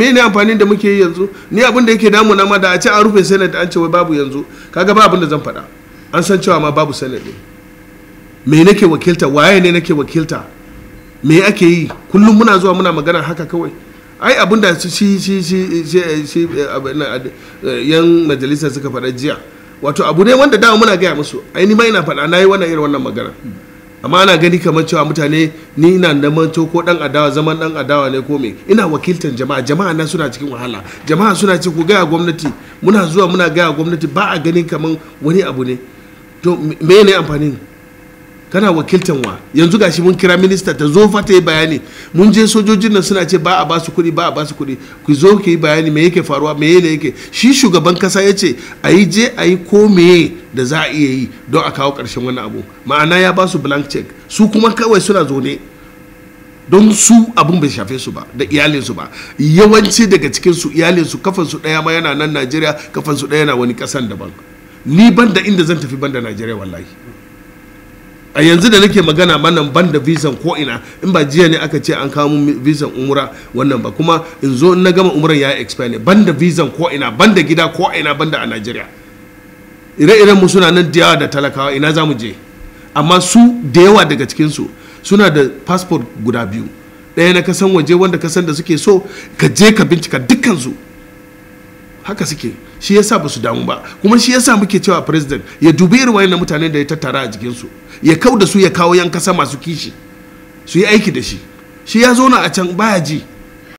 me ne amfanin da muke yi yanzu ni abin da yake damu na ma da a ce an rufe senate an ce wai babu yanzu kaga ba abin da zan faɗa an san cewa ma babu senate ne me nake wakilta waye ne nake wakilta me ake yi kullum muna zuwa muna magana haka kawai ai abin da shi shi shi shi yan majalisa suka faɗa jiya wato abu ne wanda dama muna gaya musu ai ni ma ina faɗa na yi wannan irin wannan magana amma ana gani kamar cewa mutane ni na da manto ko dan adawa zaman dan adawa ne ko me ina wakiltar jama'a jama'a na suna cikin wahala jama'a suna ce ku gaya gwamnati muna zuwa muna gaya gwamnati ba a ganin kamar wani abu ne to me ne amfanin kana wakiltan wa yanzu gashi mun kira minista ta zo fa ta yi bayani mun je sojojin nan suna ce ba a basu kuɗi ba a basu kuɗi ku zo ki yi bayani me yake faruwa me yake yake shi shugaban kasa yace ce a yi je a yi ko meye da za a iya yi don a kawo ƙarshen wannan abu ma'ana ya basu blank check su kuma kawai suna zaune don su abun bai shafe su ba da su ba yawanci daga cikin su su iyalinsu su daya ma yana nan najeriya su daya yana wani ƙasan daban ni ban da inda zan tafi ban da najeriya wallahi a yanzu da nake magana manan ban da visan ko ina in ba jiya ne aka ce an kawo mun visan umura wannan ba kuma in zo in na gama umuran ya expire ban da visan ko ina ban da gida ko ina ban da a Najeriya ire-iren mu suna nan diyawa da talakawa ina za mu je amma su da yawa daga cikin su suna da passport guda biyu ɗaya na kasan waje wanda kasan da suke so ka je ka bincika dukkan su haka suke shi yasa ba su damu ba kuma shi yasa muke cewa president ya dubi irin na mutane da ya tattara a jikin su ya kau da su ya kawo yan kasa masu kishi su yi aiki da shi shi ya zauna a can baya ji